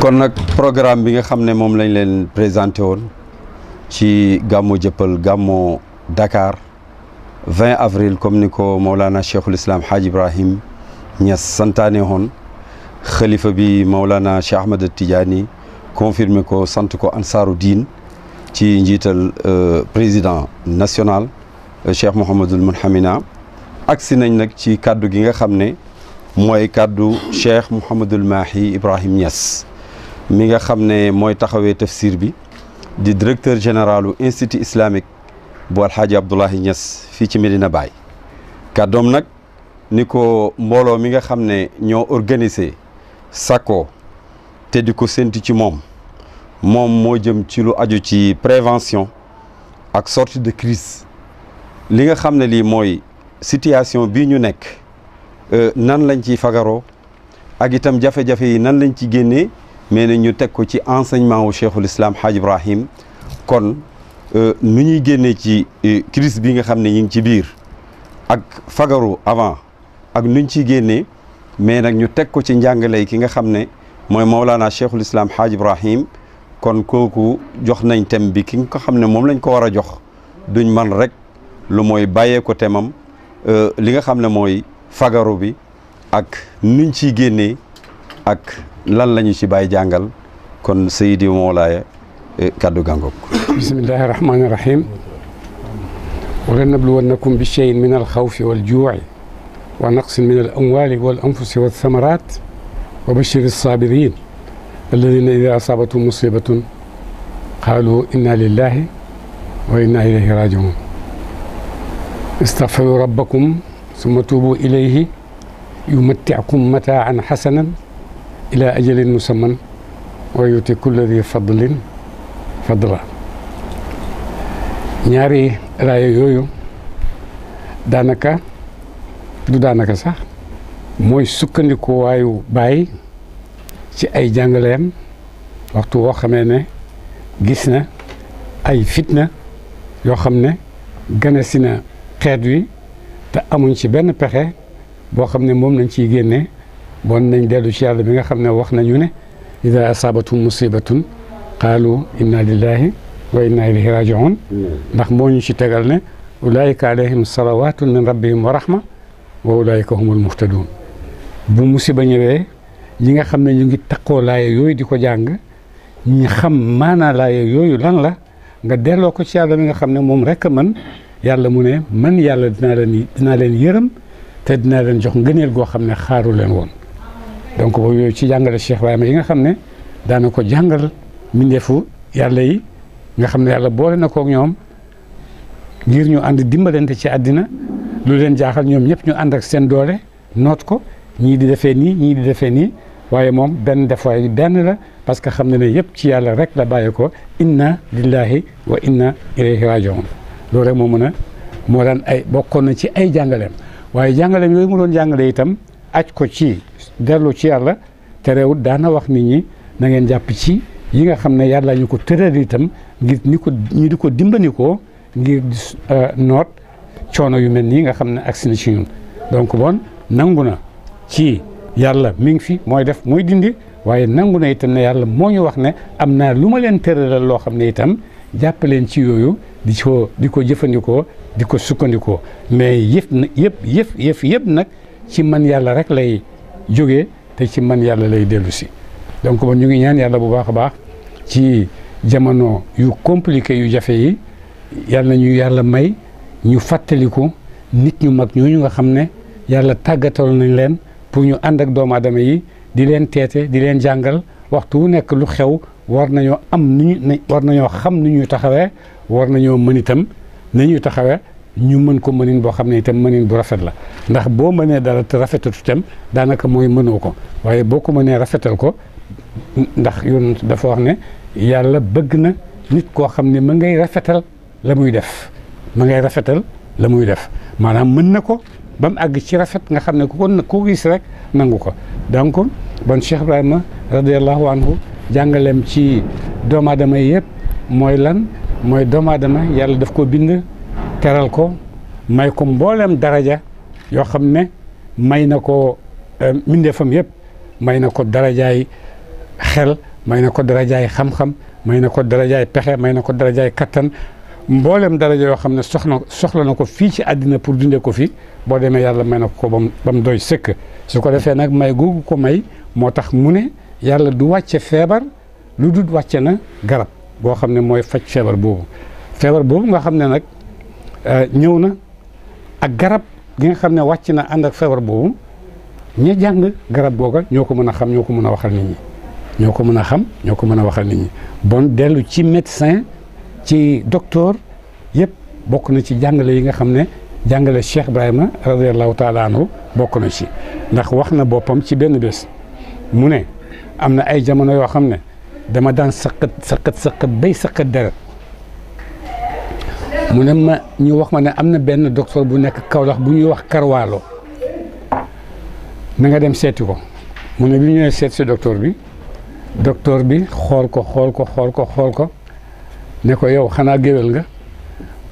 kon nag programme bi nga xam ne moom lañ leen présenté woon ci gàmmo jëppal gàmmo Dakar 20 avril comme ni ko Maulana Cheikhul Islam Hadj Ibrahim Niass santaane woon xalifa bi Maulana Cheikh Ahmed Tidiane confirmé ko sant ko ansaaru diin ci njiital euh, président national euh, Cheikh Mouhamadul Munhamina agsi nañ nag ci kàddu gi nga xam ne. mooy kàddu cheikh Mouhamadul Mahi Ibrahim Niass mi nga xam ne mooy taxawee tafsir bi di directeur généralu institut islamique bu alxaaji Abdoulahi Niass fii ci Medina baay kàddoom nag ni ko mbooloo mi nga xam ne ñoo organisé sako te di ko séntu ci moom moom moo jëm ci lu aju ci prévention ak sortie de crise li nga xam ne lii mooy situation bii ñu nekk Euh, nan lañ ciy fagaroo ak itam jafe-jafe yi nan lañ ci génnee mais ne ñu teg ko ci enseignement wu cheikhul islam Hadj Ibrahim kon euh, nu ñuy génnee ci euh, crise bi nga xam ne ñu ngi ci biir ak fagaru avant ak nuñ ciy génnee mais nag ñu teg ko ci njàngale ki nga xam ne mooy Mawlana cheikhul islam Hadj Ibrahim kon kooku jox nañ thème bi ki nga xam ne moom lañ ko war a jox duñ man rek lu mooy bàyyee ko temam li nga xam ne mooy. fagaru bi ak nuñ ciy génnee ak lan lañu ci bàyyi jàngal kon Seydi Moolaaya e, kàddu gàngoog bismillahi rahmaani rahim wala nabluwannakum bi cheyin min alxawfi waljuuci wa naqsin min alamwaali wal anfusi walthamarat wa bashir alsabirin alladina ida asaabatum musibatun qaalu inna lillahi wa inna ilayhi rajiun istaghfiru rabbakum summa tuubu ilayhi yumatti'kum mataa'an hasanan ilaa ajalin musamman wa yu'ti kulla dhi fadlin fadla ñaari raaya yooyu daanaka du daanaka sax mooy sukkandikuwaayu waayu bàyyi ci ay jàngaleem waxtu woo xamee ne gis na ay fitna yoo xam ne ganesi na xeet wi te amuñ ci benn pexe boo xam ne moom lañ ci génne bon nañ dellu ci yàlla bi nga xam ne wax nañu ne ida asaabatum musibatun qaalu inna lillahi wa inna ilayhi rajiun ndax moo ñu ci tegal ne ulaayika alayhim salawatun min rabbihim wa rahma wa ulaayika humul muhtadun bu musiba ñëwee ñi nga xam ne ñu ngi takkoo laaya yooyu di ko jàng ñi xam maanaa laaya yooyu lan la nga delloo ko ci yàlla bi nga xam ne moom rek a man yàlla mu ne man yàlla dinaa leen dinaa leen yërëm te dinaa leen jox ngëneel goo xam ne xaaru leen woon donc boobu yooyu ci jàngale Cheikh Ibrahima yi nga xam ne daana ko jàngal mbindeefu yàlla yi nga xam ne yàlla boole na kook ñoom ngir ñu ànd dimbalante ci àddina lu leen jaaxal ñoom ñëpp ñu ànd ak seen doole noot ko ñii di defee nii ñii di defee nii waaye moom benn defaay benn la parce que xam ne na yëpp ci yàlla rek la bàyyi ko inna lillahi wa inna ilayhi loolu rek moo mën a moo daan ay bokkoon na ci ay jàngaleem waaye jàngaleem yooyu mu doon jàngale itam aj ko ci dellu ci yàlla te daana wax ni ñi na ngeen jàpp ci yi nga xam ne yàlla ñu ko tëral itam ngir ni ko ñu di ko ko ngir euh, noot coono yu mel nii nga xam ne agsi na ci ñun donc bon nangu na ci yàlla mi ngi fi mooy def mooy dindi waaye nangu na itam ne yàlla moo ñu wax ne am naa lu ma leen tëralal loo xam ne itam jàpp leen ci yooyu di ko di ko jëfandikoo di ko sukkandikoo mais yëf na yëpp yëf yëf yëpp nag ci man yàlla rek lay jóge te ci man yàlla lay dellusi si donc bon ñu ngi ñaan yàlla bu baax a baax ci jamono yu compliqué yu jafe yi yàlla ñu yàlla may ñu fàttaliku nit ñu mag ñooñu nga xam ne yàlla tàggatal nañ leen pour ñu ànd ak doomu aadama yi di leen teete di leen jàngal waxtu wu nekk lu xew war nañoo am nu ñu war nañoo xam nu ñuy taxawee war nañoo mën itam nañuy taxawee ñu mën ko mënin boo xam ne itam mënin bu rafet la ndax boo mënee dara te rafetatu itam daanaka mooy mënoo ko waaye boo ko mënee rafetal ko ndax yonent dafa wax ne yàlla bëgg na nit koo xam ne ma ngay rafetal la muy def ma ngay rafetal la muy def maanaam mën na ko ba mu àgg ci rafet nga xam ne ku ko ku gis rek nangu ko donc bon Cheikh Ibrahima radiallahu anhu jàngaleem ci doomu aadama yëpp mooy lan mooy doomu aadama yàlla def ko bind teral ko may ko mbooleem daraja yoo xam ne may na ko euh, mbindeefam yëpp may na ko darajaay xel may na ko darajaay xam-xam may na ko darajaay pexe may na ko darajaay kattan mboolem daraja yoo xam ne soxna soxla na ko fii ci àddina pour dundee ko fi boo demee yàlla may na ko bam ba doy sëkk su ko defee nag may googu ko may moo tax mu ne yàlla du wàcce feebar lu du wàcce na garab boo xam ne mooy faj feebar boobu feebar boobu nga xam ne nag euh, ñëw na ak garab gi nga xam ne wàcc na ànd ak feebar boobu ña jàng garab googa ñoo ko mën a xam ñoo ko mën a waxal nit ñi ñoo ko mën a xam ñoo ko mën a waxal nit ñi bon dellu ci médecin ci docteur yëpp bokk na ci jàngale yi nga xam ne jàngale Cheikh Ibrahima radiallahu law anhu bokk na ci ndax wax na boppam ci benn bés mu ne am na ay jamono yoo xam ne dama daan saqat saqat saqat bay saqat deret mu ne ma ñu wax ma ne am na benn docteur bu nekk Kaolack bu ñuy wax Karwaalo na nga dem seeti ko mu ne bi ñu seet si docteur bi docteur bi xool ko xool ko xool ko xool ko ne ko yow xanaa géwél nga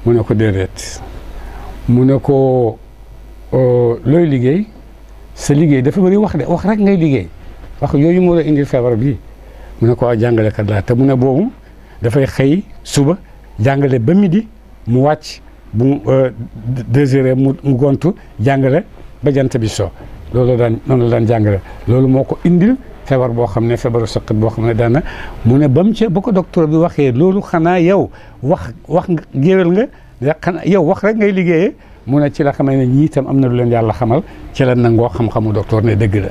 mu ne ko déedéet mu ne ko euh, looy liggéey sa liggéey dafa bëri wax de wax rek ngay liggéey wax yooyu moo la indil feebar bii mu ne ko waaw jàngalekat laa te mu ne boobu dafay xëy suba jàngale ba midi mu wàcc bu euh, deux heures mu mu gont jàngale ba jant daan noonu la daan jàngale loolu moo ko indil feebar boo xam ne feebaru saqat boo xam ne daana mu ne ba mu ca ba ko docteur bi waxee loolu xanaa yow wax wax géwél nga da xanaa yow wax rek ngay liggéeye mu ne ci la xamee ne ñii itam am na lu leen yàlla xamal ci la nangoo xam-xamu docteur ne dëgg la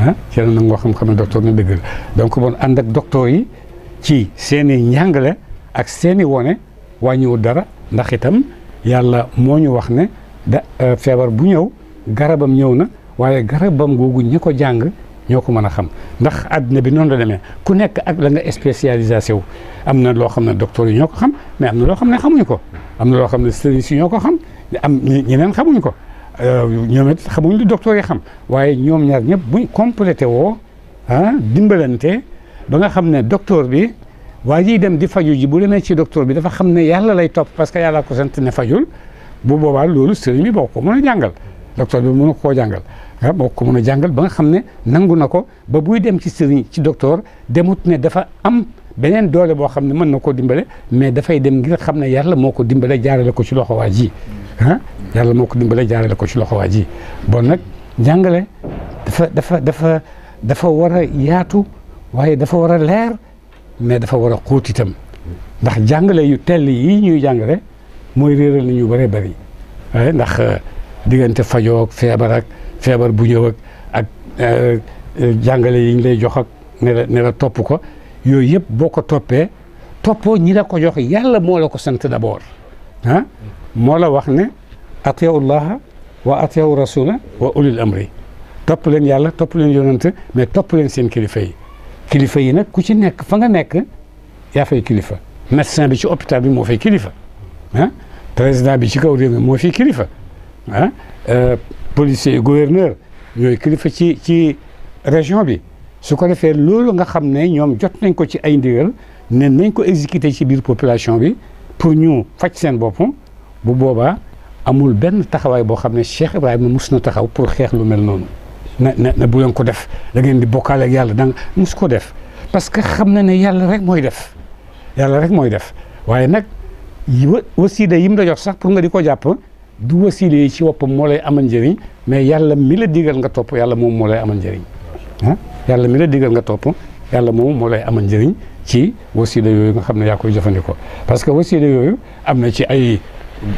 ah ci la nangoo xam-xam ne docteur na dëgg la donc bon ànd ak docteur yi ci seen i njàngale ak seen i wone wàññiwul dara ndax itam yàlla moo ñu wax ne da euh, feebar bu ñëw garabam ñëw na waaye garabam googu ñi ko jàng ñoo ko mën a xam ndax àddina bi noonu la demee ku nekk ak la nga spécialisé wu am na loo xam ne docteur yi ñoo ko xam mais am na loo xam ne xamuñu ko am na loo xam ne sëriñ si ñoo ko xam am ñeneen xamuñu ko Euh, ñoom it xamuñ lu docteur yi xam waaye ñoom ñaar ñëpp buñ complété woo ah dimbalante ba nga xam ne docteur bi waa jiy dem di faju ji bu demee ci docteur bi dafa xam ne yàlla lay topp parce que yàlla ko sant fajul bu booba loolu sëriñ bi boo ko mën a jàngal docteur bi mënu koo jàngal ah boo ko mën a jàngal ba nga xam ne nangu na ko ba buy dem ci sëriñ ci docteur demut ne dafa am beneen doole boo xam ne mën na koo dimbale mais dafay dem ngir xam ne yàlla moo ko dimbale jaarale ko ci loxo waa ji ah yàlla moo ko dimbale jaarale ko ci loxo waa ji bon nag jàngale dafa dafa dafa dafa war a yaatu waaye dafa war a leer mais dafa war a xóot ndax jàngale yu tell yi ñuy jàngale mooy réeral na ñu bëree bari waaye eh, ndax euh, diggante fajook ak feebar ak feebar bu ñëw ak ak euh, euh, jàngale yi ñu lay jox ak ne la topp ko yooyu yëpp boo ko toppee toppoo ñi la ko jox yàlla moo la ko sant d'abord ah moo la wax ne atiyahu llaha wa atiyahu rasula wa ulil amri topp leen yàlla topp leen yonante mais topp leen seen kilifa yi kilifa yi nag ku ci nekk fa nga nekk yaa fay kilifa médecin bi ci hôpital bi moo fay kilifa ah président bi ci kaw réew moo fay kilifa ah euh, policier gouverneur ñooy kilifa ci ci région bi su ko defee loolu nga xam ne ñoom jot nañ ko ci ay ndigal ne nañ ko exécuter ci biir population bi pour ñu faj seen bopp bu booba amul benn taxawaay boo xam ne Cheikh Ibrahima mus na taxaw pour xeex lu mel noonu na na bu leen ko def da ngeen di bokkaale ak yàlla da nga mus ko def parce que xam na ne yàlla rek mooy def yàlla rek mooy def waaye nag wasiida yi mu la jox sax pour nga di ko jàpp du wasiida ci woppam moo lay amal njëriñ mais yàlla mi la nga topp yàlla moom moo lay amal njëriñ ah yàlla mi la digal nga topp yàlla moom moo lay amal njëriñ ci wasiida yooyu nga xam ne yaa koy jëfandikoo parce que yooyu am na ci ay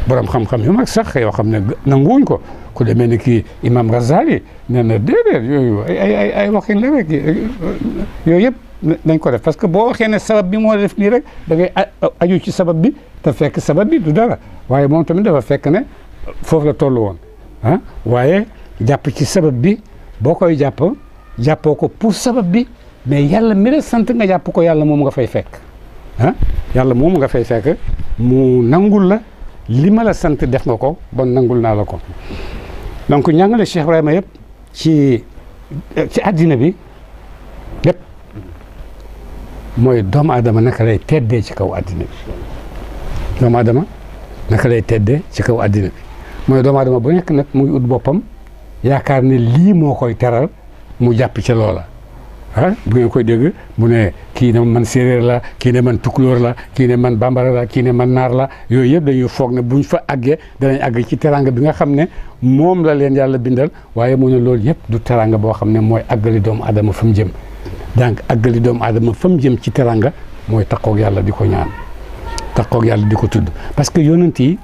borom xam-xam yu mag sax yoo xam ne nanguwuñ ko ku demee ni kii imam Ghazali nee na déedéet yooyu ay ay ay waxin rek yooyu yëpp dañ ko def parce que boo waxee ne sabab bi moo def nii rek da ngay aju ci sabab bi te fekk sabab bi du dara waaye moom tamit dafa fekk ne foofu la toll woon ah waaye jàpp ci sabab bi boo koy jàpp jàppoo ko pour sabab bi mais yàlla mi la sant nga jàpp ko yàlla moom nga fay fekk ah, yàlla moom nga fay fekk mu nangul la li ma la sant def nga ko bon nangul naa la ko donc ñàngale Cheikh Ibrahima yëpp ci ci àddina bi yëpp mooy doomu aadama naka lay tedde ci kaw àddina bi doomu aadama naka lay teddee ci kaw àddina mooy doomu aadama bu nekk nag muy ut boppam yaakaar ni lii moo koy teral mu jàpp ci loola ah bu ngeen koy dégg mu ne kii ne man séeréer la kii ne man tukulóor la kii ne man bambara la kii ne man naar la yooyu yëpp dañuy foog ne ñu fa àggee danañ àgg ci teranga bi nga xam ne moom la leen yàlla bindal waaye mu ne loolu yëpp du teranga boo xam ne mooy àggali doomu aadama fa mu jëm donc àggali doomu aadama fa mu jëm ci teranga mooy takkoog yàlla di ko ñaan takkoog yàlla di ko tudd parce que yonent yi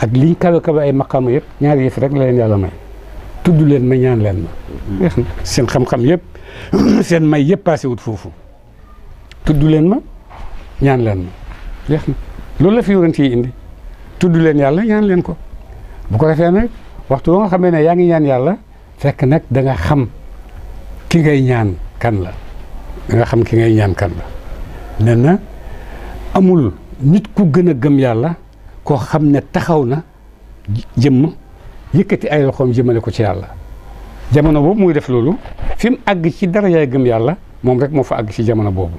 ak liñ kawe kawe ay maqaama yëpp ñaari rek la yàlla may tudd leen ma ñaan leen ma seen xam-xam yëpp seen may yëpp passé wut foofu tudd leen ma ñaan leen ma loolu la fi yonent yi indi tudd leen yàlla ñaan leen ko bu ko defee nag waxtu ba nga xamee ne yaa ngi ñaan yàlla fekk nag danga xam ki ngay ñaan kan la danga xam ki ngay ñaan kan la nee na amul nit ku gën a gëm yàlla koo xam ne taxaw na jëmm yëkkati ay loxoom jëmale ko ci yàlla jamono boobu muy def loolu fi mu àgg ci dara yaay gëm yàlla moom rek moo fa àgg ci jamono boobu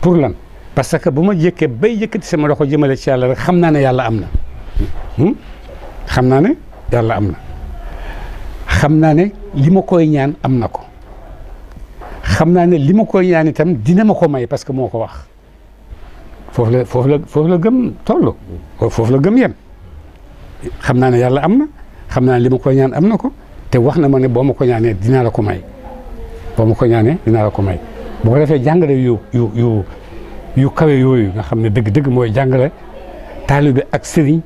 pour lan parce que bu ma jëkkee bay yëkkati sama loxo jëmale ci yàlla rek xam naa ne yàlla am na hmm? xam naa ne yàlla am na xam naa ne li ma koy ñaan am na ko xam naa ne li ma koy ñaan itam dina ma ko may parce que moo ko wax foofu la foofu la foofu la gëm toll foofu la gëm yem xam naa ne yàlla am na xam naa li ma koy ñaan am na ko te wax na ma ne boo ma ko ñaanee dinaa la ko may boo ma ko ñaanee dinaa la ko may bu ko defee jàngale yu yu yu yu kawe yooyu nga xam ne dëgg-dëgg mooy jàngale taalibe ak sëriñ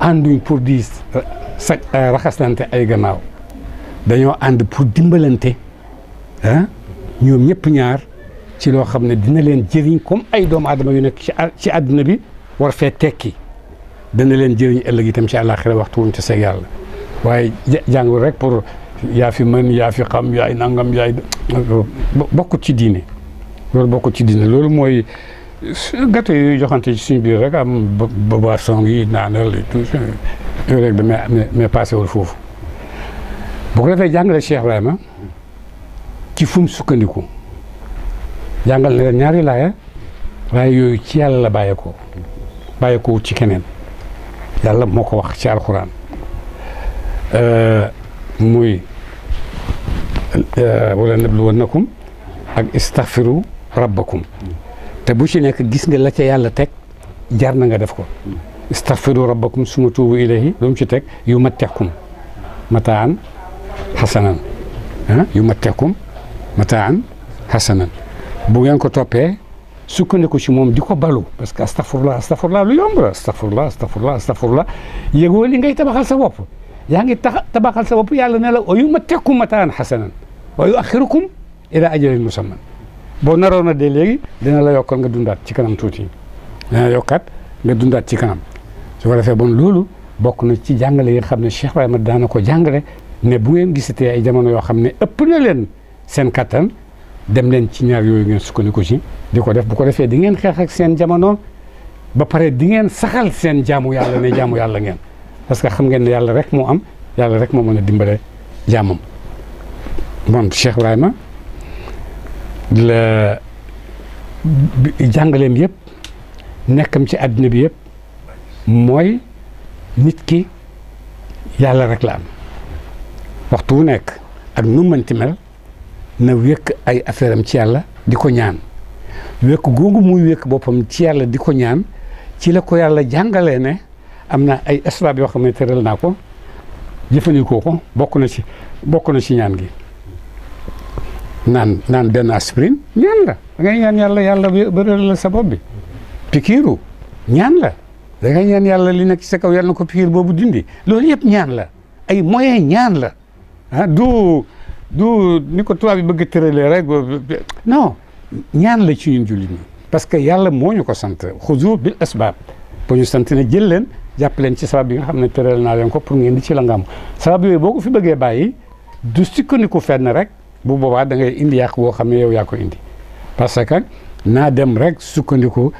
ànduñ pour di sa euh, raxaslante ay gannaaw dañoo ànd pour dimbalante ah ñoom ñëpp ñaar ci loo xam ne dina leen jëriñ comme ay doomu aadama yu nekk ci ci àdduna bi war fee tekki dana leen jëriñ ëllëg itam ci àllaaxira waxtu wuñ ca seeg yàlla waaye jàngul rek pour yaa fi mën yaa fi xam yaay nangam yaay bokkut ci diine loolu bokkut ci diine loolu mooy gâteau yooyu joxante ci suñu biir rek am boisson yi naanal et tout yooyu rek damay mais passé wul foofu bu ko defee jàngale Cheikh Ibrahima ci fu sukkandiku jàngal na ñaari laaya yooyu ci yàlla la bàyyeekoo bàyyeekoo ci keneen yàlla moo ko wax ci alxuraan. Euh, muy euh, wala nabluwannakum ak istaghfiru rabbakum te bu ci nekk gis nga la ca yàlla teg jar na nga def ko istaghfiru rabbakum suma tuubu ilayhi lu ci teg yu matteekum mataan xasanan ah, yu matteekum mataan xasanan bu ngeen ko toppee sukkandiku ci moom di ko balu parce que astaghfirullah astaghfirullah lu yomb la astaghfirullah astaghfirullah astaghfirullah yëgoo li ngay tabaxal sa bopp yaa ngi tax tabaxal sa bopp yàlla ne la wa yumatti'kum mataa'an hasanan wa yu'axirukum ilaa ajalin musamman boo naroon na dee léegi dina la yokkal nga dundaat ci kanam tuuti dina la nga dundaat ci kanam su ko defee bon loolu bokk na ci jàngale yi xam ne Cheikh Ibrahima daana ko jàngale ne bu ngeen gisatee ay jamono yoo xam ne ëpp na leen seen kattan dem leen ci ñaar yooyu ngeen sukkandiku ci di ko def bu ko defee di ngeen xeex ak seen jamono ba pare di ngeen saxal seen jaamu yàlla ne jaamu yàlla ngeen parce que xam ngeen ne yàlla rek moo am yàlla rek moo mën a dimbale jaamam moom Cheikh Ibrahima la jàngaleem yëpp nekkam ci àddina bi yëpp mooy nit ki yàlla rek la am waxtu wu nekk ak nu mënti mel na wékk ay affaire am ci yàlla di ko ñaan wékk googu muy wékk boppam ci yàlla di ko ñaan ci la ko yàlla jàngalee ne am na ay asbaab yoo xam ne tëral naa ko jëfandikoo ko bokk na ci bokk ñaan gi naan naan benn aspirine ñaan la da ngay ñaan yàlla yàlla bëral la sa bopp bi pikiiru ñaan la da ngay ñaan yàlla li nekk ci sa kaw yàlla na ko pikiir boobu dindi loolu yëpp ñaan la ay moyen ñaan la ah du du ni ko tubaab bëgg tëralee rek non ñaan la ci ñun jullit ñi parce que yàlla moo ñu ko sant xuzu bil asbaab ba ñu sant ne jël leen jàpp leen ci sabab yi nga xam ne tëral naa leen ko pour ngeen di ci la ngam sabab yooyu boo ko fi bëggee bàyyi du sukkandiku fenn rek bu boobaa da ngay indi yàq boo xam ne yow yaa ko indi parce que naa dem rek sukkandiku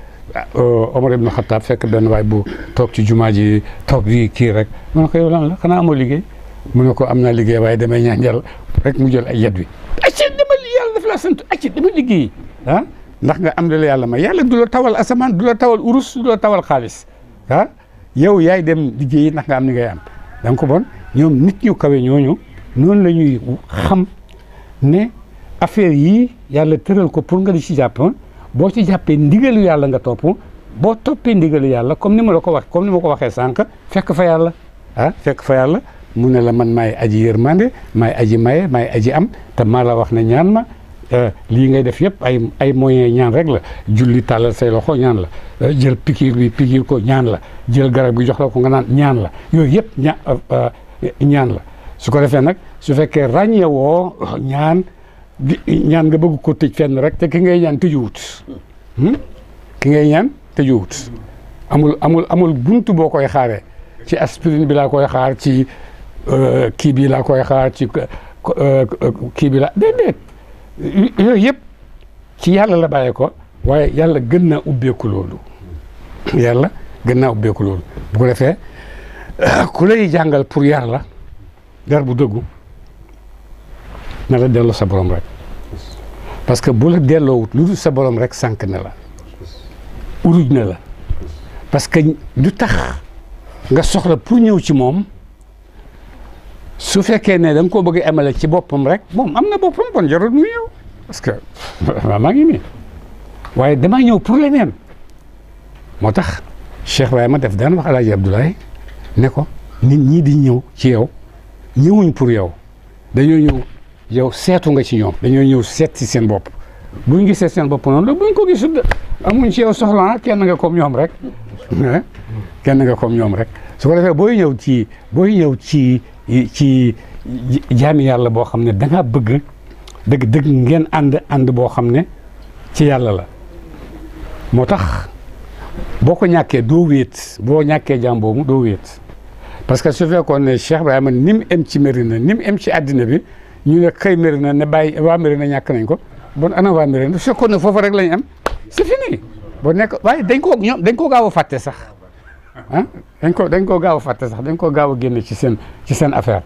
euh, Omar ibn Khattab fekk benn waay bu toog ci jumaa ji toog di kii rek mu ko yow lan la xanaa amoo liggéey mu ko am naa liggéey waaye damay ñaanjal rek mu jël ay yet wi acci dama yàlla liggéey ah ndax nga am li la yàlla may yàlla du la tawal asamaan du la tawal urus du tawal xaalis ah yow yaay dem ji ndax nga am ni ngay am donc bon ñoom nit ñu kawe ñooñu noonu la ñuy xam ne affaire yii yàlla tëral ko pour nga di ci jàpp boo ci jàppee ndigalu yàlla nga topp boo toppee ndigalu yàlla comme ni ma la ko wax comme ni ma ko waxee sànq fekk fa yàlla ah fekk fa yàlla mu ne la man maay aji yërmande maay aji maye maay aji am te maa la wax ne ñaan ma Euh, lii ngay def yëpp ay ay moyens ñaan rek la julli tàllal say loxo ñaan la euh, jël pikiir bi pikiir ko ñaan la jël garab bi jox la ko nga naan ñaan la yooyu yépp ña euh, ñaan la su ko defee nag su fekkee ràññewoo ñaan ñaan nga bëgg ko tëj fenn rek te ki ngay ñaan tëjuwut hmm? ki ngay ñaan tëjuwut amul amul amul buntu boo koy xaaree ci aspirine bi laa koy xaar ci kii bi laa koy xaar ci bi laa yooyu yëpp ci yàlla la bàyyee ko waaye yàlla gën naa ubbeeku loolu yàlla gën naa ubbeeku loolu bu ko defee ku lay jàngal pour yar la bu dëggu na la delloo sa borom rek parce que bu la delloowut lu dul sa borom rek sànq na la uruj na la parce que du tax nga soxla pour ñëw ci moom su fekkee ne da nga koo bëgg amale ci boppam rek moom am na boppam kon jarul muy yow parce que maa ngi nii waaye damaa ñëw pour leneen moo tax Cheikh Ibrahima def daan wax Alaaji Abdoulaye ne ko nit ñii di ñëw ci yow ñëwuñ pour yow dañoo ñëw yow seetu nga ci ñoom dañoo ñëw seet si seen bopp buñ gisee seen bopp noonu gi buñ ko gisul amuñ ci yow soxla ah, kenn nga comme ñoom rek kenn nga kom ñoom rek su ko defee booy ñëw ci booy ñëw ci ci jaami yàlla boo xam ne danga bëgg dëgg dëgg ngeen ànd ànd boo xam ne ci yàlla la moo tax boo ko ñàkkee doo wéet boo ñàkkee jaam mu doo wéet parce que su fekkoon ne Cheikh Ibrahima ni mu em ci Mérina ni mu em ci àddina bi ñu ne xëy Mérina ne bàyyi waa Mérina ñàkk nañ ko bon ana waa Mérina su fekkoon ne foofu rek lañ am c'est fini boo nekk waaye dañ gaaw a sax ah dañ dañ koo gaaw a fàtte sax dañ koo gaaw a génne ci seen ci seen affaire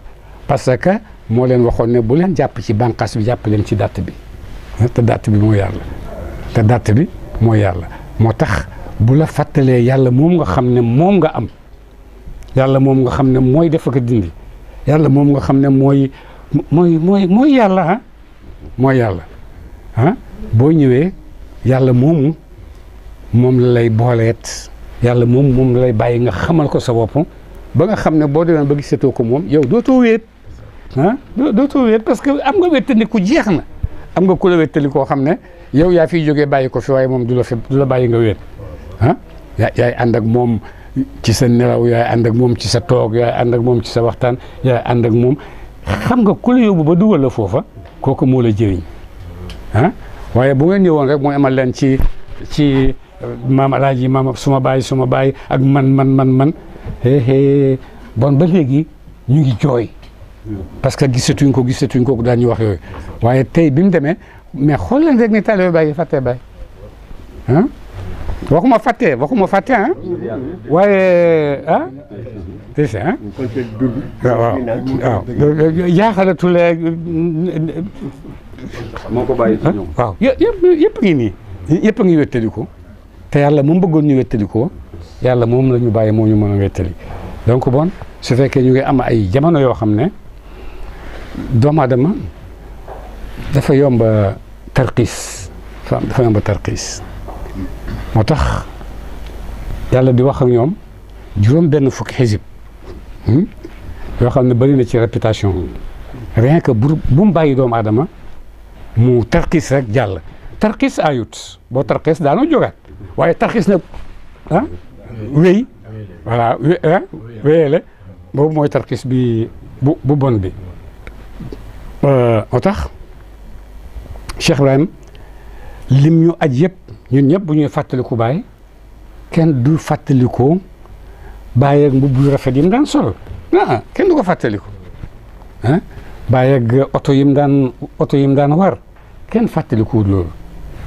parce que moo leen waxoon ne bu leen jàpp ci bànqaas bi jàpp leen ci date bi te date bi moo yàlla te datt bi moo yàlla moo tax bu la fàttalee yàlla moom nga xam ne moom nga am yàlla moom nga xam ne mooy def ak dindi yàlla moom nga xam ne mooy mooy mooy mooy yàlla ah mooy yàlla ah boo ñëwee yàlla moomu moom la lay booleet yàlla moom moom lay bàyyi nga xamal ko sa bopp ba nga xam ne boo demee ba gisatoo ko moom yow dootoo wéet ah dootoo wéet parce que am nga wéttandi ku jeex na am nga ku la wéttali koo xam ne yow yaa fi jogee bàyyi ko fi waaye moom du la du la bàyyi nga wéet ah yaay ànd ak moom ci sa nelaw yaay ànd ak moom ci sa toog yaay ànd moom ci sa waxtaan yaay ànd ak moom xam nga ku la ba dugal la foofa kooku moo la jëriñ waaye bu ngeen ñëwoon rek mu amal leen maam alaaji maam suma baay suma baay ak man man man man bon ba léegi ñu ngi jooy parce que gisatuñ ko gisatuñ ko daan ñu wax yooyu waaye tey bi mu demee mais xool nga rek ni taalibe Baay yi waxuma fàttee waxuma fàtte ah waaye ah c'est ça waaw waaw euh, euh, euh, ngi nii yëpp ngi wéttali ko te yàlla moom bëggoon ñu wettali ko yàlla moom la ñu bàyyi moo ñu mën a wettali donc bon su fekkee ñu ngi am ay jamono yoo xam ne doomu aadama dafa yomba tarxiis dafa yomba tarxiis moo tax yàlla di wax ak ñoom juróom benn fukki xisib hmm, yoo xam ne bëri na ci réputation rien que bu bu mu bàyyi doomu aadama mu tarxiis rek jàll tarxiis ayut boo tarxiis daanoo jógaat waaye tarxis nag ah wéy voilà ah wéyale boobu mooy tarxis bi bu bon bi euh, moo tax Cheikh Ibrahim lim ñu aj yëpp ñun ñëpp bu ñuy ku bàyyi kenn du fàttalikoo bàyyi ak mbubb yu rafet yi mu daan sol ah kenn ko fàttaliku ah bàyyi ak oto yi mu daan oto yi mu daan war kenn fàttalikuwul loolu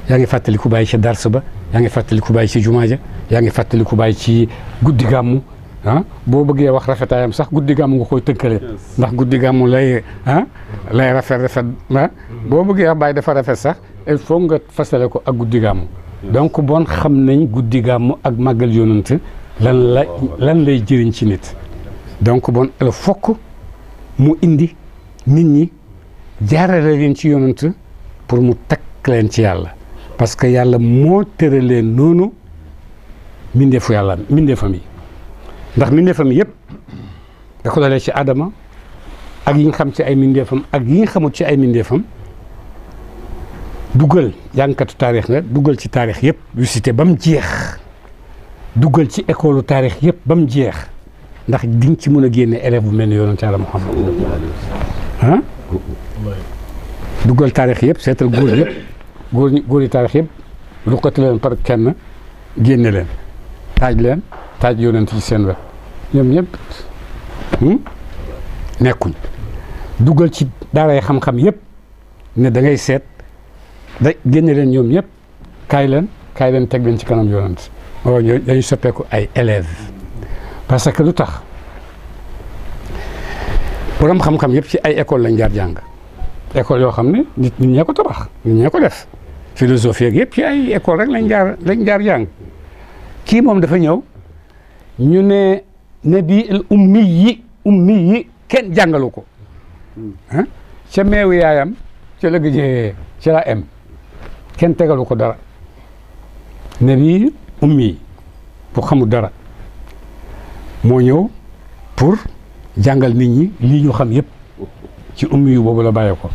yaa ngi fàttaliku bàyyi ca dars ba yaa ngi fàttaliku bàyyi ci jumaa yaa ngi fàttaliku bàyyi ci guddi gàmmu ah boo bëggee wax rafetaayam sax guddi gàmmu nga koy tënkale ndax guddi gàmmu lay ah, lay rafet rafet ah mm-hmm. boo bëggee wax bàyyi dafa rafet sax il faut nga fasale ko ak guddi gàmmu donc bon xam nañ guddi gàmmu ak màggal yonant lan la lan lay jëriñ ci nit donc bon fokk mu indi nit ñi jaarale leen ci yonant pour mu takk leen ci yàlla parce que yàlla moo tëralee noonu mbindeefu yàlla mbindeefam yi ndax mbindeefam yëpp da ci aadama ak yi nga xam ci ay mbindeefam ak yi nga xamut ci ay mbindeefam duggal jànkatu taarix nga duggal ci taarix yëpp yu cité ba mu jeex duggal ci école taarix yëpp ba mu jeex ndax di ci mën a génne élève bu mel ni yonent Yàlla Muhammad ah duggal taarix yëpp seetal góor yëpp góor ñi góor yi taarix yëpp luqati leen par kenn génne leen taaj leen taaj yonent ci seen wet ñoom ñëpp hmm? nekkuñ dugal ci daaray xam-xam yëpp ne dangay seet da génne leen ñoom ñëpp kaay leen kaay leen teg leen ci kanam yonent waaw ñooñu dañuy soppeeku ay élèves parce que lu tax borom xam-xam yëpp ci ay école lañ jaar jàng école yoo xam ne nit ñee ko tabax nit ñee ko def philosophie ak yëpp ci ay école rek lañ jaar lañ jaar jàng kii moom dafa ñëw ñu ne nabi al ummi yi ummi yi kenn jàngalu ko ah ca meewu yaayam ca la gëjee ca la am kenn tegalu ko dara nabi ummi yi bu dara moo ñëw pour jàngal nit ñi lii ñu xam yëpp ci ummi yu boobu la bàyyee ko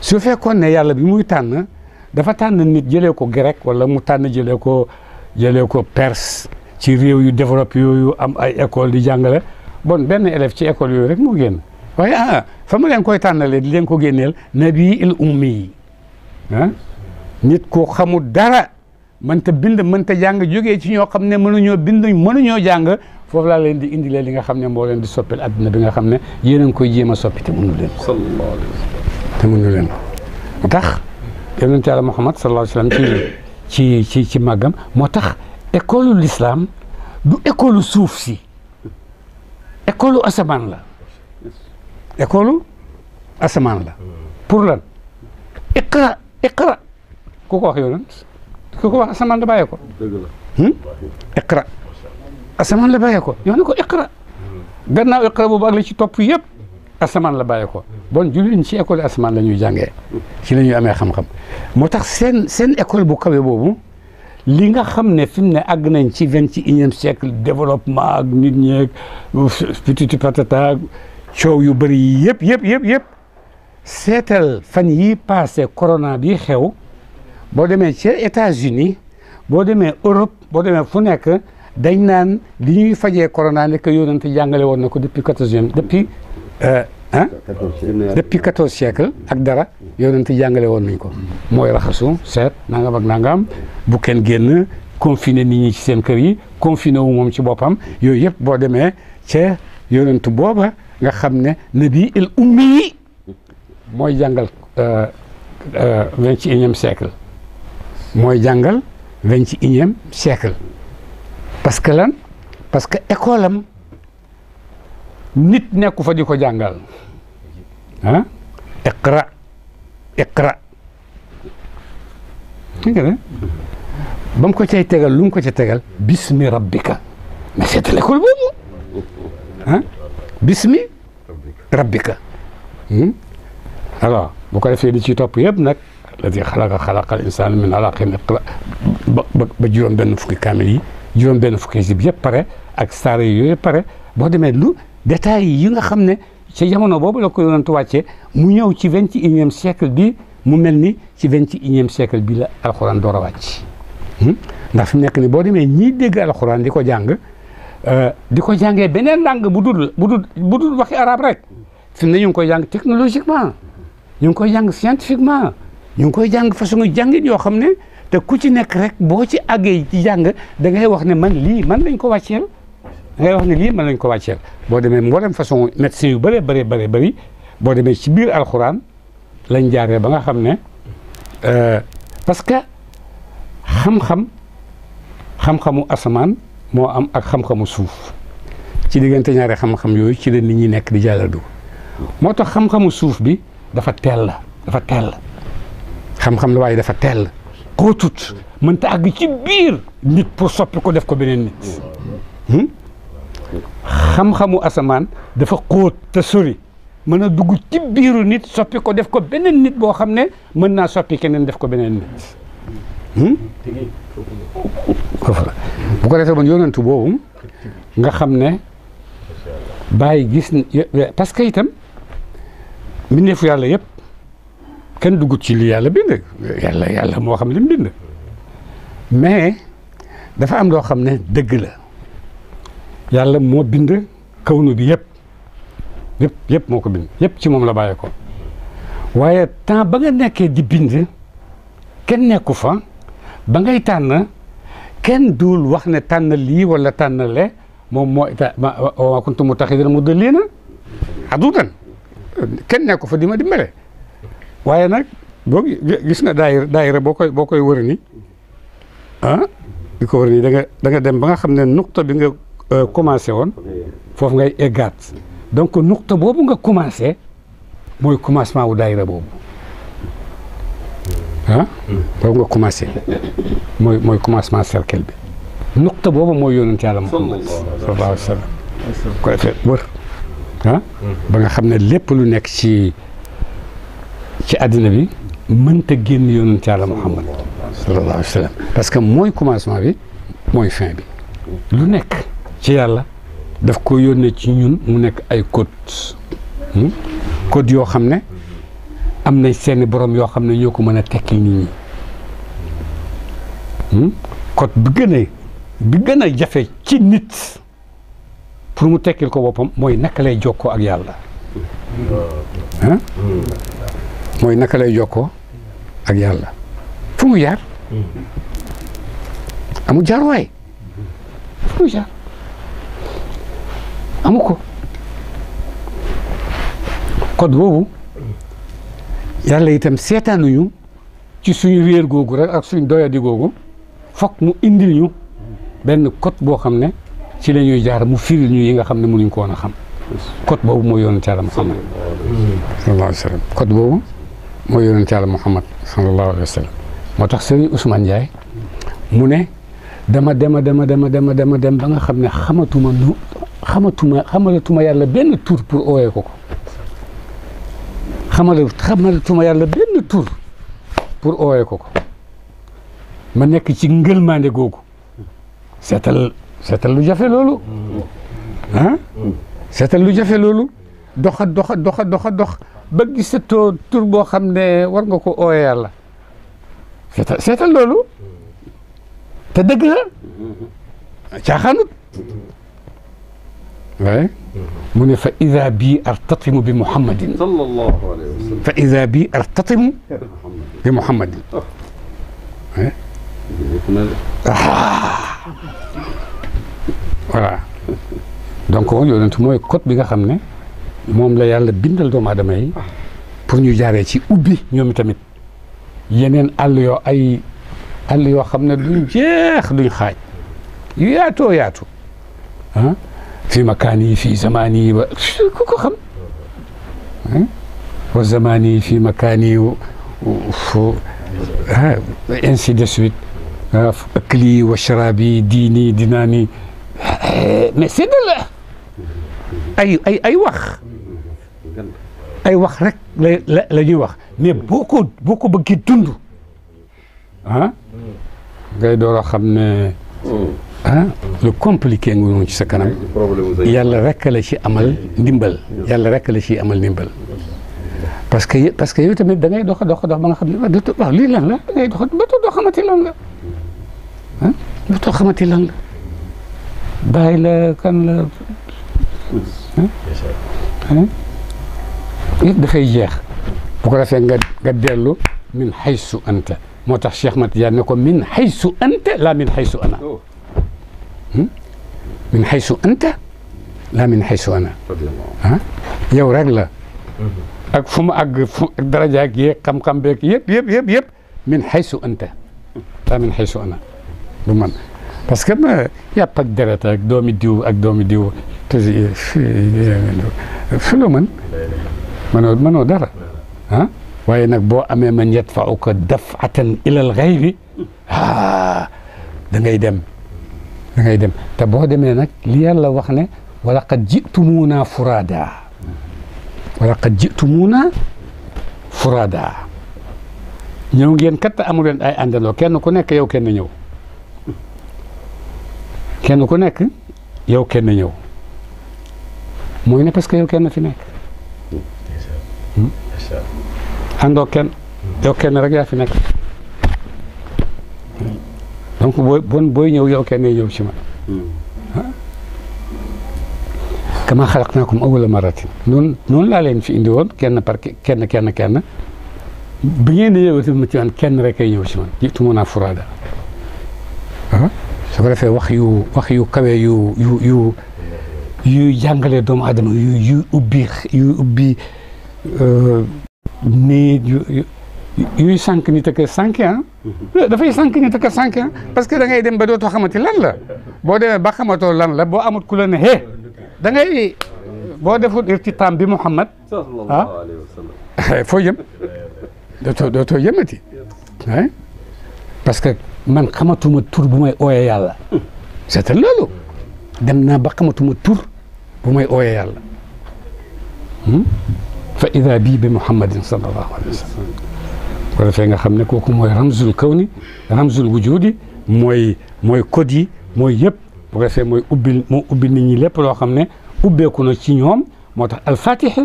su fekkoon ne yàlla bi muy tànn dafa tànn nit jëlee ko grec wala mu tànn jëlee ko jëlee ko perse ci réew yu développé yooyu am ay école di jàngale bon benn élève ci école yooyu rek moo génn waaye ah fa mu leen koy tànnalee di leen ko génneel nabi il ummi yi ah, nit ku xamul dara mënta bind mënta jàng jógee ci ñoo xam ne mënuñoo bind mënuñoo jàng foofu laa leen di indilee li nga xam ne moo leen di soppil adduna bi nga xam ne yéen a ngi koy jéem a soppi te mënu leen ko te mënu leen ko yonent yàlla Muhammad sallallahu alayhi ci ci ci ci màggam moo tax école l'islam du école suuf si école asamaan la école asamaan la pour lan iqra iqra ku ko wax yonent ku ko wax asamaan la bàyyee ko hmm? iqra asamaan la bàyyee ko yow ne ko iqra gannaaw iqra boobu ak ci topp yëpp asamaan la bàyyi ko bon jullit ñi ci école asamaan la ñuy jàngee ci la ñuy amee xam-xam moo tax seen seen école bu kawee boobu lii nga xam ne fi ne àgg nañ ci vingt et unième siècle développement ak nit ñeeg petiti patata coow yu bëri yi yëpp yëpp yëpp yëpp seetal fan yi passé corona bi xew boo demee ci États-Unis boo demee Europe boo demee fu nekk dañ naan li ñuy fajee corona ne que yonente jàngale woon na ko depuis quatorzième depuis ah depuis quatorze siècle ak dara yonent jàngale woon nañ ko mooy raxasu seet nangam ak nangam bu kenn génn confiné nit ñi ci seen kër yi confiné wu moom ci boppam yooyu yëpp boo demee ca yonent booba nga xam ne nabi il ummi yi mooy jàngal euh, euh, vingt et unième mooy jàngal vingt et unième siècle lan parce que nit nekku fa di ko jàngal ah iqra iqra ba mu ko cay tegal lum ko ca tegal bismi rabbika mais c'est l'école boobu ah bismi rabbika hmm? alo bu ko defee di ci topp yëpp nag alladi xalaqa xalaqal insaana min alaqin iqra ba ba juróom benn fukki kaamil yi juróom benn fukki jib yëpp pare ak saare yooyu pare boo demee lu détails yi nga xam ne ci jamono boobu la ko yonent wàccee mu ñëw ci vingt et unième siècle mu mel ni ci vingt et unième siècle la alxuraan door a wàcc hmm? ndax fi nekk ni boo demee ñiy dégg alxuraan di ko jàng euh, di ko jàngee beneen langue bu dul bu dul bu dul waxi arab rek fi mu ne ñu ngi koy jàng technologiquement ñu ngi koy jàng scientifiquement ñu ngi koy jàng façon jàngit yoo xam ne te ku ci nekk rek boo ci àggee ci jàng da ngay wax ne man lii man lañ ko wàcceel da wax ne lii mën nañ ko wàcceel boo demee mboolem façon médecin yu bëree bëree bëri bëri boo demee ci biir alxuraan lañ jaaree ba nga xam ne euh, parce que xam-xam xam-xamu asamaan moo am ak xam-xamu suuf ci diggante ñaari xam-xam yooyu ci leen nit ñi nekk di jàlladu moo tax xam-xamu suuf bi dafa teel la dafa teel la xam-xam la waaye dafa teel koo tut mënta àgg ci biir nit pour soppi ko def ko beneen nit hmm? xam-xamu asamaan dafa xóot te sori mën a dugg ci biiru nit soppi ko def ko beneen nit boo xam ne mën naa soppi keneen def ko beneen nit hmm? bu ko defee man yonantu boobu nga xam ne bàyyi gis parce que itam mbindeefu yàlla yëpp kenn duggut ci li yàlla bind yàlla yàlla moo xam li mu bind mais dafa am loo xam ne dëgg la yàlla moo bind kawnu bi yëpp yëpp yëpp moo ko bind yëpp ci moom la bàyyee ko waaye temps ba nga nekkee di bind kenn nekku fa ba ngay tànn kenn duul wax ne tànn lii wala tànn le moom moo ita ma kuntu muttaxidan mudilliina adudan kenn nekku fa di ma dimbale waaye nag boo gis nga daayira daayira boo koy boo koy wër ni ah, di ko wër ni da nga dem ba nga xam ne nuqta bi nga Euh, commencé woon foofu ngay eggaat donc nuqta boobu nga commencé mooy commencement wu daayira boobu ah boobu nga commencé mooy mooy commencement cercle bi nuqta boobu mooy yoonu yàlla Muhammad sallallahu alayhi wa ba nga xam ne lépp lu nekk ci ci àddina bi mënta génn yoonu yàlla Muhammad sallallahu alayhi wa sallam parce que mooy commencement bi mooy fin bi lu nekk ci yàlla daf ko yónnee ci ñun mu nekk ay code hmm? code yoo xam ne am na seeni boroom yoo xam ne ñoo ko mën a tekkil nit ñi hmm? code bi gën a bi gën a jafe ci nit pour mu tekkil ko boppam mooy naka lay jokkoo ak yàlla hmm? mooy naka lay jokkoo ak yàlla fu mu jaar amu jaar waay amu ko code boobu yàlla itam seetaanuñu ci suñu réer googu rek ak suñ doyadi googu fokk mu indil ñu benn code boo xam ne ci lañuy jaar mu firil ñu yi nga xam ne mënuñ ko woon a xam code boobu mooy yoonu Yàlla Muhammad sallallahu alayhi wa sallam code boobu mooy yoonu Yàlla moo tax sëriñ Ousmane mu ne dama dema dema dema dema dema dem ba nga xam ne xamatuma nu tuma xamatuma xamalatuma yàlla benn tur pour ooyee ko ko xamala xamalatuma yàlla benn tur pour ooyee koko ma nekk ci ngëlmaande googu seetal seetal lu jafe loolu ah seetal lu jafe loolu doxa doxa doxa doxa dox ba gisatoo tur boo xam ne war nga ko ooyee yàlla seetal seetal loolu te dëgg la Mm-hmm. mu ne fa ida bii artatimu bi muhammadin sallallahu fa ida bii artatimu bi muhammadin oh. ah. voilà donc woon yonent mooy code bi nga xam ne moom la yàlla bindal doomu aadama yi pour ñu jaaree ci ubbi ñoom tamit yeneen àll yoo ay àll yoo xam ne duñ jeex duñ xaaj yu yaatoo yaatu ah. fi makaan yi fii zamaan yi ba ku ko xam wa zamaan yi fii makaan yi fu ainsi de suite akli wa sharabi diini dinaani mais c'est de la ay ay ay wax ay wax rek la la ñuy wax mais boo ko boo ko bëggee dund ah ngay door a xam ne ah lu compliqué nga woon ci sa kanam yàlla rekk la ci amal ndimbal yàlla rekk la ci amal ndimbal parce que parce que yow tamit da ngay dox dox dox ba nga xam ne waaw lii lan la da ngay dox ba too xamati lan la ah ba too xamati lan la bàyyi la kan la ah, ah, dafay jeex bu ko defee nga nga dellu min xaysu anta moo tax Cheikh Mat yaa ne ko min xaysu anta la min xaysu ana min xaysu anta la min xaysu ana ah yow rek la ak fu mu àgg fu darajaak yeeg xam-xam beeg yëpp yëpp yëpp yëpp min xaysu anta la min xaysu ana du man parce que yàpp ak deret ak doomi diw ak doomi diw te fi lu mën mënoo mënoo dara ah waaye nag boo amee man yadfauka dafatan ilal xayri ah da ngay dem da dem te boo demee nag li yàlla wax ne wala qad jitumuuna furaada wala qad jitumuuna furaada ñëw ngeen kat amu leen ay àndandoo kenn ku nekk yow kenn ñëw kenn ku nekk yow kenn ñëw mooy ne parce que kenn fi nekk hmm? àndoo kenn hmm. yow kenn rek yaa fi nekk donc booy bon booy ñëw yow kenn ñëw ci man hmm. kama xalaqnaakum awwala maratin noonu noonu laa leen fi indi woon kenn par kenn kenn kenn bi ngeen di ñëw itam ci man kenn rek ay ñëw ci man ji'tumuunaa furaadaa su ko defee wax yu wax yu kawe yu yu yu jàngale doomu aadama yu yu yu euh, yuy sànq nit ak a sànq ah mm-hmm. dafay sànq nit ak a sànq ah parce que da ngay dem ba dootoo xamati lan la boo demee ba xamatoo lan la boo amut ku la ne hee da ngay boo defut irtitaam bi Muhammad ah foo yëm dootoo dootoo yëmati parce que man xamatuma tur bu may ooyee yàlla c'est loolu dem naa ba xamatuma tur bu may ooyee yàlla hmm? fa ida bii bi Muhammadin sallallahu alayhi wa sallam bu ko defee nga xam ne kooku mooy ramzul kawni ramzul wujudi mooy mooy code yi mooy yëpp bu mooy ubbil moo ubbil nit ñi lépp loo xam ne ubbeeku na ci ñoom moo tax alfatixi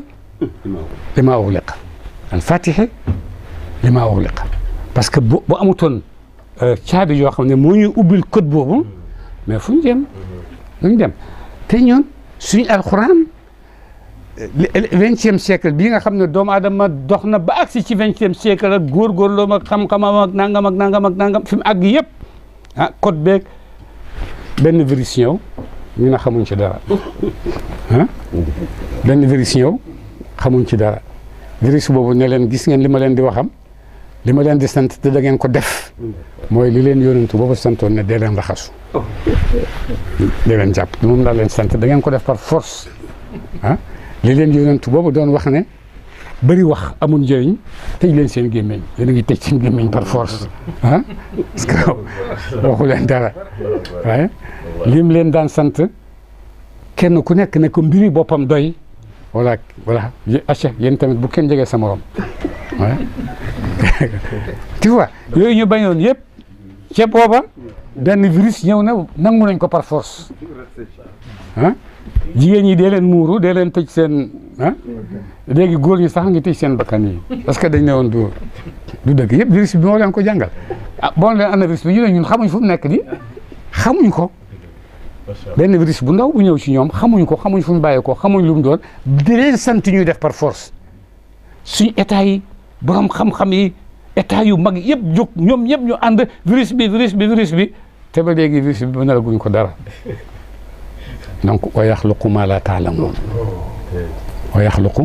limaa uxliqa alfatixi limaa uxliqa parce que bu bu amutoon euh, caabi yoo xam ne moo ñuy ubbil code boobu mais fu ñu dem duñ dem te ñoon suñu vingtième siècle bii nga xam ne doomu aadama dox na ba agsi ci vingtième siècle ak góorgóorloom ak xam xam ak nangam ak nangam ak nangam fi mu àgg yëpp ah code benn virus ñëw ñu ne xamuñ ci dara ah benn xamuñ ci dara virus boobu ne leen gis ngeen li ma leen di waxam li ma leen di sant te da ngeen ko def mooy li leen tu boobu santoon ne dee leen raxasu oh. dee leen jàpp moom laa leen sant da ngeen ko def par force ah? li leen yonent boobu doon wax ne bëri wax amul njëriñ tëj leen seen gémmiñ yéen a ngi tëj seen gémmiñ par force ah parce que waxu leen dara lim leen daan sant kenn ku nekk ne ko mbiri boppam doy voilà voilà achef yéen tamit bu kenn jege sa morom tu vois yooyu ñu bañoon yëpp ca booba benn virus ñëw na nangu nañ ko par force ah jigéen ñi dee leen muuru dee leen tëj seen ah léegi góor ñi sax ngi tëj seen bakkan yi parce que dañ ne woon du du dëgg yëpp virus bi moo leen ko jàngal ah bon leen ana virus bi ñu ne ñun xamuñ fu nekk di xamuñ ko benn virus bu ndaw bu ñëw ci ñoom xamuñ ko xamuñ fu mu bàyyi ko xamuñ lu mu doon di sant ñuy def par force suñ état yi borom xam-xam yi état yu mag yëpp jóg ñoom ñëpp ñu ànd virus bi virus bi virus bi te ba léegi virus bi nar a guñ ko dara donc wa yaxluqu maa laa taalamuun wa yaxluqu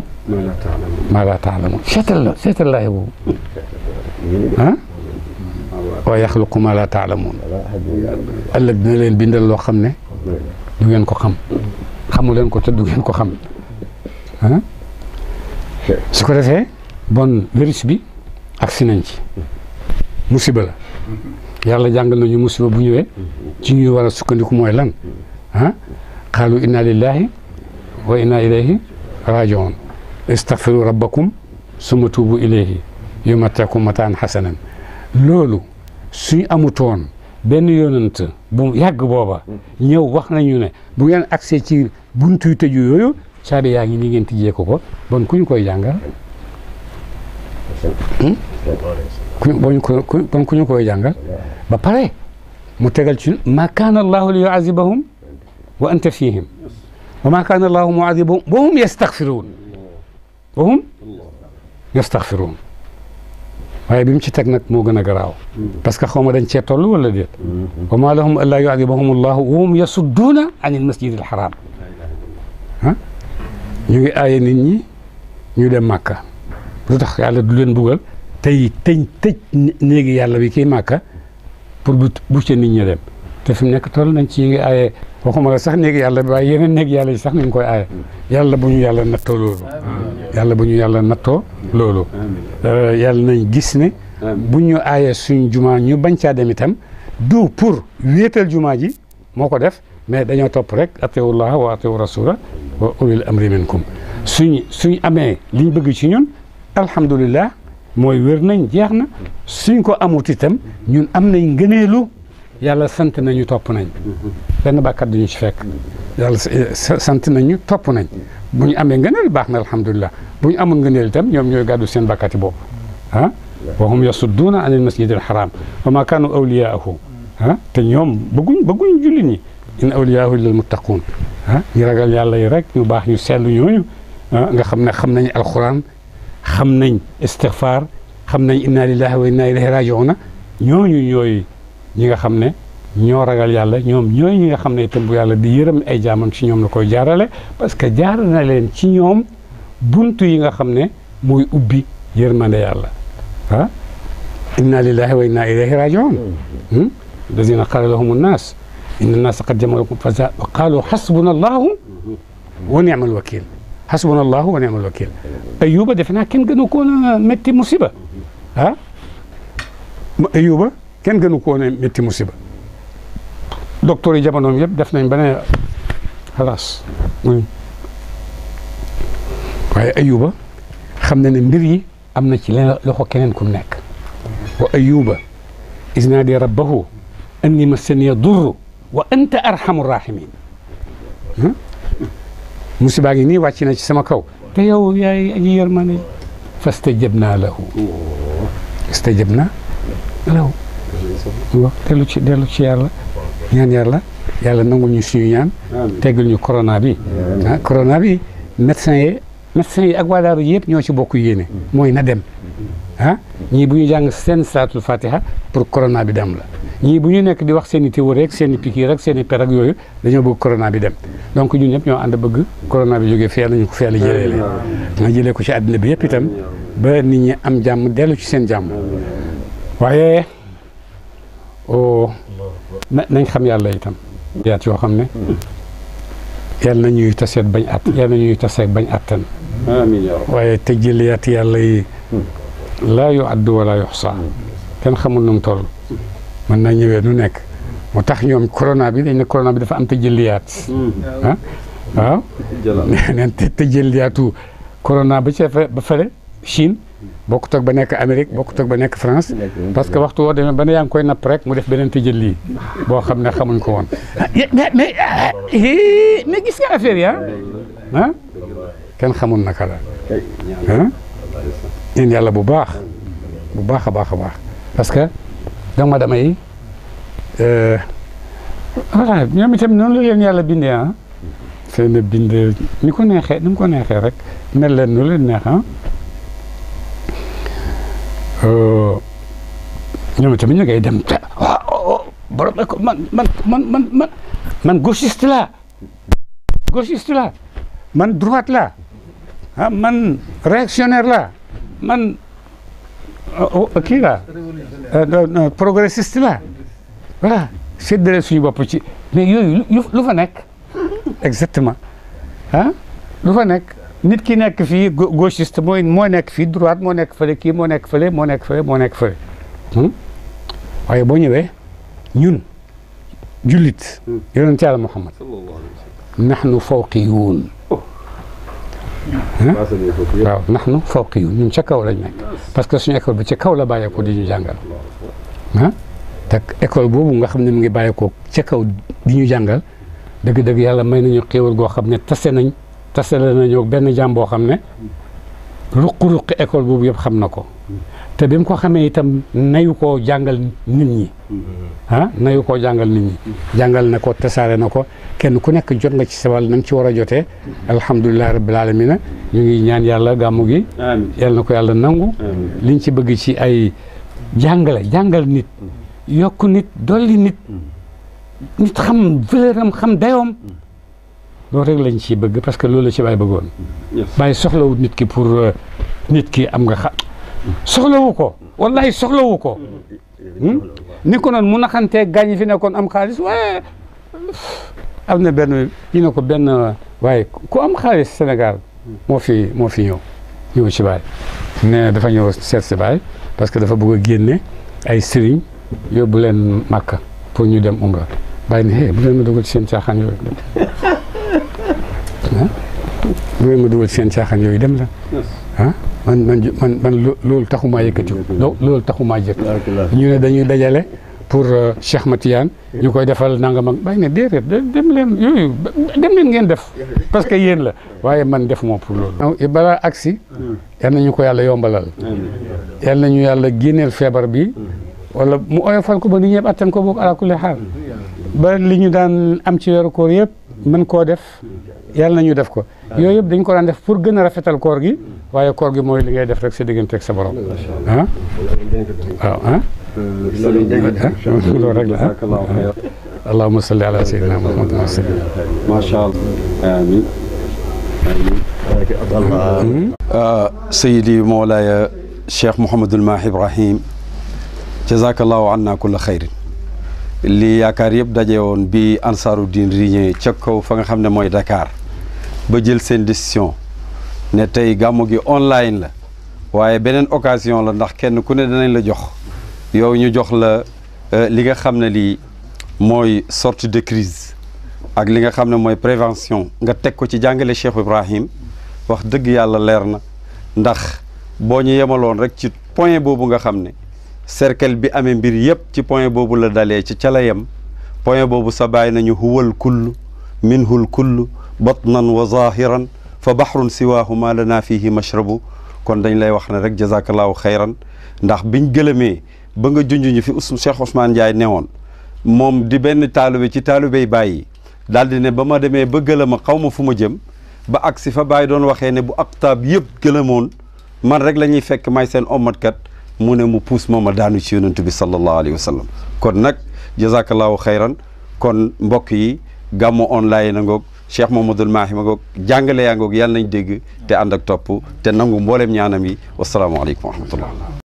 maa la seetal laay boobu ah wa yaxluqu maa leen bindal loo xam ne du ko xam xamu leen ko te du ngeen ko xam ah su ko defee bon virus bi agsi nañ ci musiba la yàlla jàngal nañu musiba bu ñëwee ci ñuy war a sukkandiku mooy lan ah qaalu inna lillahi wa inna ilayhi rajiun istaghfiru rabbakum summa tuubu ilayhi yumatti'kum mataan xasanan loolu suñ amutoon benn yoonant bu yàgg booba ñëw wax nañu ne bu ngeen accès ci buntu yu tëju yooyu caabi yaa ngi ni ngeen tijjee ko ko bon ku ñu koy jàngal kuñu kuñu kon koy jàngal ba pare mu tegal ci ma kaana allahu li yuazibahum wa anta fihim wa ma kaana hum yastaghfiruun wa hum yastaghfiruun waaye bi mu ci teg nag moo gën a garaaw parce que xaw ma dañ cee toll wala déet wa ma lahum allaa yuadibahum allahu wa hum yasudduuna an il masjid al haram ah ngi aaye nit ñi ñu dem màkka lu tax yàlla du leen buggal tey tëj tëj néegi yàlla bi kii màkka pour bu bu ca nit ñi dem te fi nekk toll nañ ci yi ngi aaye waxuma la sax néegi yàlla bi waaye yeneen néeg yàlla yi sax nañ koy aaye yàlla bu ñu yàlla nattoo loolu yàlla bu ñu yàlla nattoo loolu euh, yàlla nañ gis ni bu ñu aaye suñ jumaa ñu bañ caa dem itam du pour wéetal jumaa ji moo ko def mais dañoo topp rek atiwullah wa atiwu rasula wa ulil am minkum suñ suñ amee liñ bëgg ci ñun alhamdulillah mooy wér nañ jeex na suñ ko amut itam ñun am nañ ngëneelu yàlla sant nañu topp nañ benn bàkkat duñu ci fekk yàlla sant nañu topp nañ bu ñu amee ngëneel baax na alhamdulilah bu ñu amul ngëneel itam ñoom ñooy gàddu seen bàkkati boobu ah wa hum yasudduuna an il masjid al haram wa ma kaanu awliyaahu ah te ñoom bëgguñ bëgguñ julli ñi in awliyaahu illal muttaquun ah ñu ragal yàlla yi rek ñu baax ñu seetlu ñooñu ah? nga xam ne xam nañu alquran xam nañ istixfaar xam nañ inna lillahi wa inna ilayhi rajiuna ñooñu ñooy ñi nga xam ne ñoo ragal yàlla ñoom ñooy ñi nga xam ne itam bu yàlla di yërëm ay jaamam ci ñoom la koy jaarale parce que jaar na leen ci ñoom buntu yi nga xam ne mooy ubbi yërmande yàlla ah inna lillahi wa inna ilayhi rajiun allazina hmm? qala lahum annas inna annaasa qad jamau lakum fa qaalu xasbuna allahu wa ni'mal wakil hasbunallahu wa ni'mal wakil Ayuba defe naa kenn gënu koo na métti musiba ah Ayuba kenn gënu koo na métti musiba docteur yi jamonoom yëpp def nañ ba ne xalaas hmm. waaye Ayuba xam na ne mbir yi am na ci leen loxo keneen ku nekk wa Ayuba iz naadi rabbahu anni massaniya durru wa anta arhamu rahimin hmm? musiba gi nii wàcc na ci sama kaw te yow yaay aji yërmande fastajabnaa lahu fastajabnaa lahu dellu ci dellu ci yàlla ñaan yàlla yàlla nangul ñu suñu ñaan teggal ñu corona bi ah bi médecin yi médecin yi ak waa daaru yëpp ñoo ci bokk yéene mm. mooy na dem ah ñii bu ñu jàng seen salaatul fatiha pour corona bi dem la ñii bu ñu nekk di wax seen i tiwu rek seeni i rek seeni perak yooyu dañoo bëgg corona bi dem donc ñu ñëpp ñoo ànd bëgg corona bi jógee fi nañu ko fee la jëlee leen jëlee ko ci àddina bi ba nit ñi am jàmm dellu ci seen jàmm oh, nañ xam yàlla itam yaat yoo xam ne yàlla na ñuy taseet bañ at yàlla na ñuy taseet bañ attan waaye te jëliyaat yàlla yi laa yu addu wala yoxsa kenn xamul nu mu toll mën naa ñëwee nu nekk moo tax ñoom corona bi dañ ne corona bi dafa am tëjëliyaat hmm. ah waaw neen tëjëliyaatu corona ba ci ba fële Chine bokkut ak ba nekk Amérique bokkut ak ba nekk France parce que waxtu woo demee ba ne yaa ngi koy napp rek mu def beneen tëjël lii boo xam ne xamuñ ko woon ah, eh, mais gis nga affaire yi ah? Ah? kenn xamul naka la ah ñeen yàlla bu baax bu baax a baax a baax doomu aadama yi eh, euh, voilà ñoom itam noonu la leen yàlla bindee ah. xëy ni ko neexee ni ko neexee rek mel leen nu leen neex ah. Euh, ñoom itamit ñu ngay dem te waaw oh, borom man man man man man man gauchiste man droite ah, man réactionnaire laa man. kii la e, progressiste la voilà séddale suñu bopp ci mais yooyu lu fa nekk exactement ah lu fa nekk nit ki nekk fii gauchiste mooy moo nekk fii droite moo nekk fële kii moo nekk fële moo nekk fële moo nekk fële hmm? waaye boo ñëwee ñun jullit hmm. yonent Yàlla Muhammad nahnu fawqiyuun waaw nax nu fawqi yu ñun ca kaw lañ nekk parce que suñu école bi ca kaw la bàyyeekoo di jàngal ah te école boobu nga xam ne mu ngi bàyyeekoo ca kaw di ñu jàngal dëgg-dëgg yàlla may nañu xéewal goo xam ne tase nañ tase la nañoo benn jàmm boo xam ne ruq-ruqi école boobu yëpp xam na ko te bi mu ko xamee itam nayu koo jàngal nit ñi mm-hmm. ah nayu koo jàngal nit jàngal na ko tasaare na ko kenn ku nekk jot nga ci sawal na nga ci war a jotee mm-hmm. alhamdulilahi rabbil alamina ñu ngi ñaan yàlla gàmmu gi yàlla na ko yàlla nangu liñ ci bëgg ci ay jàngale jàngal nit mm-hmm. yokk nit dolli nit nit xam valeur am xam dayoom loolu rek lañ ciy bëgg parce que loolu ci bàyyi bëggoon bàyyi soxlawut nit ki pour euh, nit ki am nga soxlawu ko wallahi soxlawu ko hmm? ni ko noon mu naxantee gaañ fi nekkoon am xaalis waaye am na benn ñu ne ko benn waaye ku am xaalis senegal moo fi moo fi ñëw ñëw ci baay ne dafa ñëw seet si parce que dafa bëgg a génne ay sëriñ yóbbu leen màkka pour ñu dem umra bay ne eh, bu leen ma dugal ci seen caaxaan yooyu bu leen ci seen caaxaan yooyu dem la man man man man loolu taxuma yëkkati ko loolu taxumaa jëkk ñu ne dañuy dajale pour euh, Cheikh Matiane ñu koy defal nangam ak na ne déedéet dem leen yooyu dem leen ngeen def parce que yéen la waaye man defuma pour loolu balaa agsi hmm. yal nañu ko yàlla yombalal yal nañu yàlla génneel feebar bi wala mu oyofal ko ba nit ñëpp attan ko boog alaa kulli xaal hmm. ba li ñu daan am ci weeru koor yëpp mën koo def yàlla nañu def ko yooyu yëpp dañ ko daan def pour gën a rafetal koor gi waaye koor gi mooy li ngay def rek sa diggante ak sa borom ah waaw ah loolu rek la ah allahumma salli ala sayyidina muhammad wa sallim ma sha allah amin hmm? ah, sayyidi mawlaaya cheikh mouhamadul mahi ibrahim jazakallahu anna kulla xayrin li yaakaar yëpp daje woon bi ansaaru diin riñee ca kaw fa nga xam ne mooy dakaar ba jël seen décision ne tey gàmmu gi online la waaye beneen occasion la ndax kenn ku ne danañ la jox yow ñu jox la euh, li nga xam ne lii mooy sorti de crise ak li nga xam ne mooy prévention nga teg ko ci jàngale Cheikh Ibrahim wax dëgg yàlla leer na ndax boo ñu yemaloon rek ci point boobu nga xam ne cercle bi amee mbir yépp ci point boobu la dalee ci ca la yem point boobu sa baay nañu huwal kullu minhul kullu batnan wa zahiran fa bahrun siwaahu ma lana fihi mashrabu kon dañ lay wax ne rek jazakallahu xayran ndax biñ gëlëmee ba nga junj ñu fi us Cheikh Ousmane Ndiaye moom di benn taalibe ci taalibey bàyyi daal di ne ba ma demee ba gëlëma xaw ma fu ma jëm ba agsi fa bàyyi doon waxee ne bu aqtaab yëpp gëlëmoon man rek la ñuy fekk may seen ommatkat mu ne mu puus ma ma daanu ci yonent bi sallallahu alayhi wa sallam kon nag jazakallahu xayran kon mbokk yi gàmmu online na ngoog cheikh mamadul maahi ma ngoog jàngale yaa ngoog yàlla nañ dégg te ànd ak topp te nangu mboolem ñaanam yi wasalaamualeykum wa rahmatullah